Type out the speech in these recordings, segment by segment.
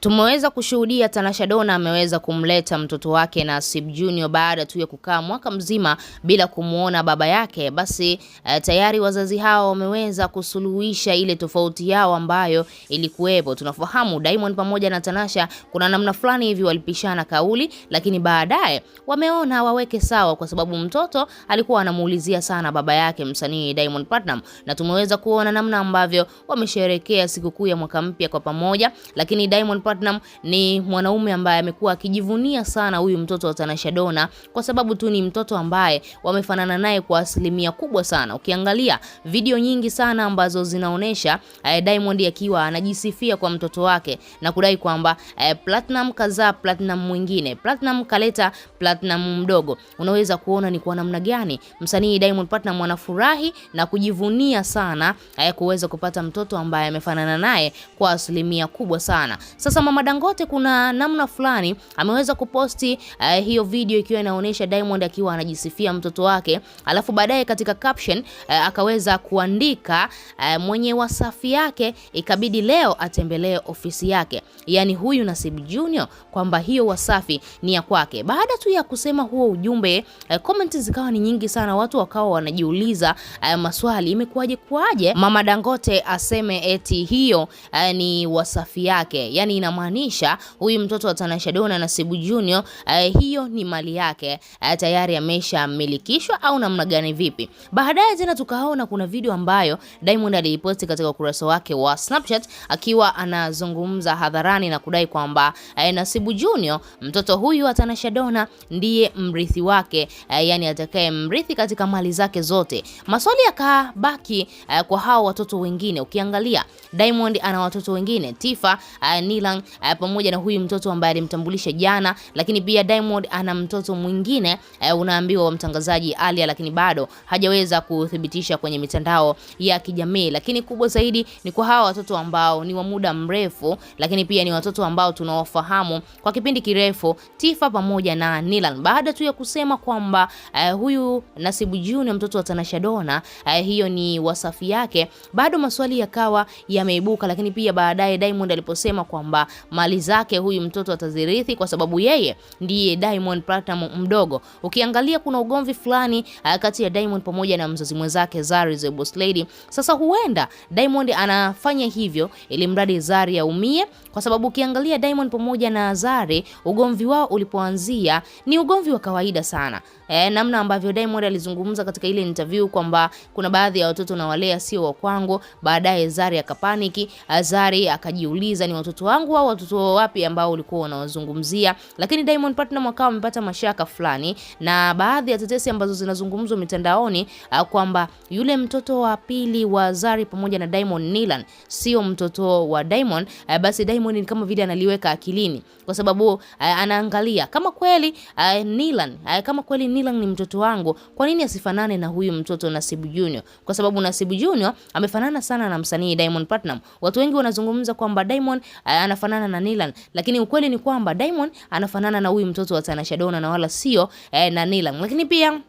Tumeweza kushuhudia Tanasha Dona ameweza kumleta mtoto wake Nasib Junior baada tu ya kukaa mwaka mzima bila kumwona baba yake. Basi uh, tayari wazazi hao wameweza kusuluhisha ile tofauti yao ambayo ilikuwepo. Tunafahamu Diamond pamoja na Tanasha kuna namna fulani hivi walipishana kauli, lakini baadaye wameona waweke sawa, kwa sababu mtoto alikuwa anamuulizia sana baba yake msanii Diamond Platnumz, na tumeweza kuona namna ambavyo wamesherehekea sikukuu ya mwaka mpya kwa pamoja, lakini Diamond Platinum ni mwanaume ambaye amekuwa akijivunia sana huyu mtoto wa Tanasha Donna kwa sababu tu ni mtoto ambaye wamefanana naye kwa asilimia kubwa sana. Ukiangalia video nyingi sana ambazo zinaonesha eh, Diamond akiwa anajisifia kwa mtoto wake na kudai kwamba eh, Platinum kazaa Platinum mwingine, Platinum kaleta Platinum mdogo. Unaweza kuona ni kwa namna gani msanii Diamond Platinum anafurahi na kujivunia sana eh, kuweza kupata mtoto ambaye amefanana naye kwa asilimia kubwa sana. Sasa sasa Mama Dangote kuna namna fulani ameweza kuposti uh, hiyo video ikiwa inaonyesha Diamond akiwa anajisifia mtoto wake, alafu baadaye katika caption uh, akaweza kuandika uh, mwenye wasafi yake ikabidi leo atembelee ofisi yake, yani huyu Nasib Junior kwamba hiyo Wasafi ni ya kwake. Baada tu ya kusema huo ujumbe uh, comment zikawa ni nyingi sana, watu wakawa wanajiuliza uh, maswali, imekuwaje kuaje Mama Dangote aseme eti hiyo uh, ni Wasafi yake yani ina inamaanisha huyu mtoto wa Tanasha Donna na Sibu Junior eh, hiyo ni mali yake eh, tayari ameshamilikishwa au namna gani vipi? Baadaye tena tukaona kuna video ambayo Diamond aliiposti katika ukurasa wake wa Snapchat akiwa anazungumza hadharani na kudai kwamba eh, Nasibu Junior mtoto huyu wa Tanasha Donna ndiye mrithi wake eh, yani atakaye mrithi katika mali zake zote. Maswali yakabaki eh, kwa hao watoto wengine. Ukiangalia Diamond ana watoto wengine Tifa, eh, Nilan eh, pamoja na huyu mtoto ambaye alimtambulisha jana, lakini pia Diamond ana mtoto mwingine eh, unaambiwa wa mtangazaji Alia, lakini bado hajaweza kuthibitisha kwenye mitandao ya kijamii, lakini kubwa zaidi ni kwa hawa watoto ambao ni wa muda mrefu, lakini pia ni watoto ambao tunawafahamu kwa kipindi kirefu, Tifa pamoja na Nilan, baada tu ya kusema kwamba eh, huyu Nasibu Junior mtoto wa Tanasha Dona eh, hiyo ni wasafi yake, bado maswali yakawa yameibuka, lakini pia baadaye Diamond aliposema kwamba mali zake huyu mtoto atazirithi kwa sababu yeye ndiye Diamond Platinum mdogo. Ukiangalia kuna ugomvi fulani eh, kati ya Diamond pamoja na mzazi mwenzake Zari the Boss Lady. Sasa huenda Diamond anafanya hivyo ili mradi Zari aumie, kwa sababu ukiangalia Diamond pamoja na Zari ugomvi wao ulipoanzia ni ugomvi wa kawaida sana. E, namna ambavyo Diamond alizungumza katika ile interview kwamba kuna baadhi ya watoto na walea sio wa kwangu. Baadaye Zari akapaniki, eh, Zari akajiuliza ni watoto wangu hawa watoto wapi ambao ulikuwa unawazungumzia? Lakini Diamond Platnumz akawa amepata mashaka fulani na baadhi ya tetesi ambazo zinazungumzwa mitandaoni uh, kwamba yule mtoto wa pili wa Zari pamoja na Diamond Nilan sio mtoto wa Diamond, uh, basi Diamond ni kama vile analiweka akilini, kwa sababu uh, anaangalia kama kweli Nilan, kama kweli Nilan ni mtoto wangu, kwa nini asifanane na huyu mtoto Nasibu Junior? Kwa sababu Nasibu Junior amefanana sana na msanii Diamond Platnumz. Watu wengi wanazungumza kwamba Diamond anafanana anafanana na Nilan, lakini ukweli ni kwamba Diamond anafanana na huyu mtoto wa Tanasha Donna na wala sio eh, na Nilan, lakini pia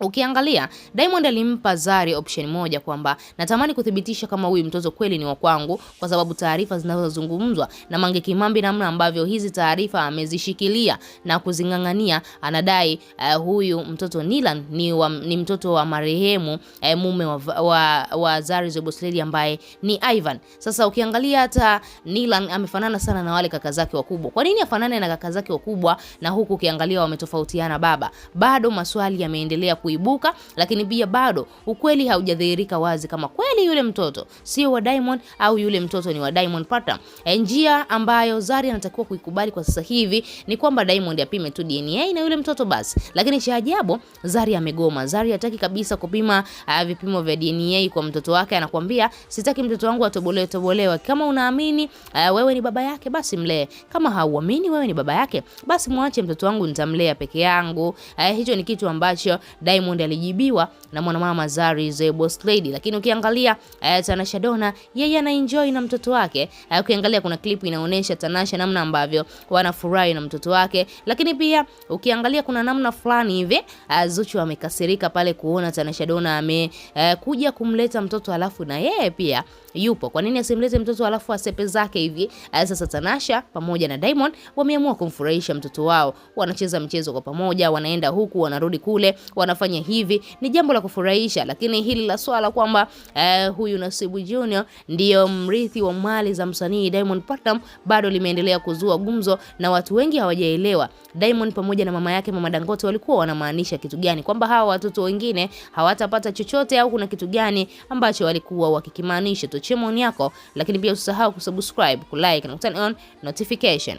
Ukiangalia Diamond alimpa Zari option moja kwamba natamani kuthibitisha kama huyu mtoto kweli ni wa kwangu, kwa sababu taarifa zinazozungumzwa na Mange Kimambi, namna ambavyo hizi taarifa amezishikilia na kuzing'ang'ania, anadai uh, huyu mtoto Nilan ni, wa, ni mtoto wa marehemu uh, mume wa, wa, wa Zari Zobosleri ambaye ni Ivan. Sasa ukiangalia hata Nilan amefanana sana na wale kaka zake wakubwa. Kwa nini afanane na kaka zake wakubwa na huku ukiangalia wametofautiana baba? Bado maswali yameendelea ku kuibuka, lakini pia bado ukweli haujadhihirika wazi kama kweli yule mtoto sio wa Diamond au yule mtoto ni wa Diamond Platnumz. Eh, njia ambayo Zari anatakiwa kuikubali kwa sasa hivi ni kwamba Diamond apime tu DNA na yule mtoto basi, lakini cha ajabu Zari amegoma. Zari hataki kabisa kupima uh, vipimo vya DNA kwa mtoto wake. Anakuambia sitaki mtoto wangu atobolewe tobolewe. Kama unaamini uh, wewe ni baba yake basi mlee, kama hauamini wewe ni baba yake basi mwache mtoto wangu nitamlea peke yangu. Uh, hicho ni kitu ambacho Diamond Diamond alijibiwa na mwanamama Zari the Boss Lady, lakini ukiangalia eh, Tanasha Donna yeye ana enjoy na mtoto wake. Eh, ukiangalia kuna clip inaonyesha Tanasha namna ambavyo wanafurahi na mtoto wake, lakini pia ukiangalia kuna namna fulani hivi eh, Zuchu amekasirika pale kuona Tanasha Donna amekuja eh, kumleta mtoto alafu na yeye pia yupo. Kwa nini asimlete mtoto alafu asepe zake hivi? Eh, sasa Tanasha pamoja na Diamond wameamua kumfurahisha mtoto wao, wanacheza mchezo kwa pamoja, wanaenda huku wanarudi kule, wanafanya kufanya hivi ni jambo la kufurahisha, lakini hili la swala kwamba eh, huyu Nasibu Junior ndiyo mrithi wa mali za msanii Diamond Platnumz bado limeendelea kuzua gumzo na watu wengi hawajaelewa Diamond pamoja na mama yake mama Dangote walikuwa wanamaanisha kitu gani, kwamba hawa watoto wengine hawatapata chochote au kuna kitu gani ambacho walikuwa wakikimaanisha. Tuachie maoni yako, lakini pia usisahau kusubscribe, kulike na turn on notification.